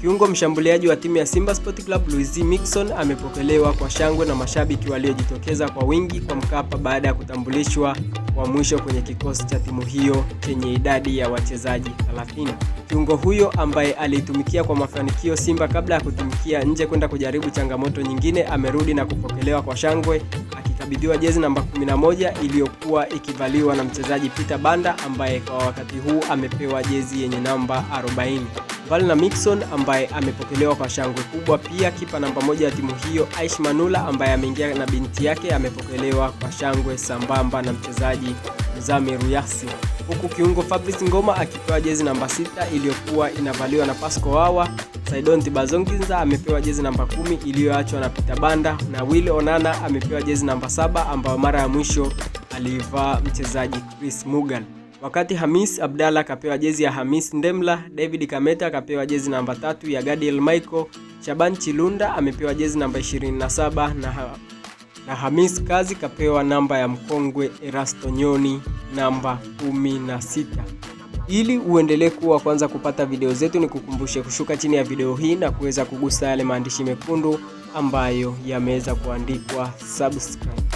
Kiungo mshambuliaji wa timu ya Simba Sport Club Luis Mixon amepokelewa kwa shangwe na mashabiki waliojitokeza kwa wingi kwa Mkapa baada ya kutambulishwa wa mwisho kwenye kikosi cha timu hiyo chenye idadi ya wachezaji 30. Kiungo huyo ambaye aliitumikia kwa mafanikio Simba kabla ya kutumikia nje kwenda kujaribu changamoto nyingine amerudi na kupokelewa kwa shangwe alikabidhiwa jezi namba 11 iliyokuwa ikivaliwa na mchezaji Peter Banda ambaye kwa wakati huu amepewa jezi yenye namba 40. Mbali na Mixon ambaye amepokelewa kwa shangwe kubwa, pia kipa namba moja ya timu hiyo Aish Manula ambaye ameingia na binti yake amepokelewa kwa shangwe sambamba na mchezaji Zamiru Yasi, huku kiungo Fabrice Ngoma akipewa jezi namba 6 iliyokuwa inavaliwa na Pasco Wawa Saidonti Bazonginza amepewa jezi namba kumi iliyoachwa na Peter Banda na Will Onana amepewa jezi namba saba ambayo mara ya mwisho aliivaa mchezaji Chris Mugan. Wakati Hamis Abdalla kapewa jezi ya Hamis Ndemla, David Kameta kapewa jezi namba tatu ya Gadiel Michael, Shaban Chilunda amepewa jezi namba 27 na, ha na Hamis Kazi kapewa namba ya mkongwe Erasto Nyoni namba 16. Ili uendelee kuwa kwanza kupata video zetu, ni kukumbushe kushuka chini ya video hii na kuweza kugusa yale maandishi mekundu ambayo yameweza kuandikwa subscribe.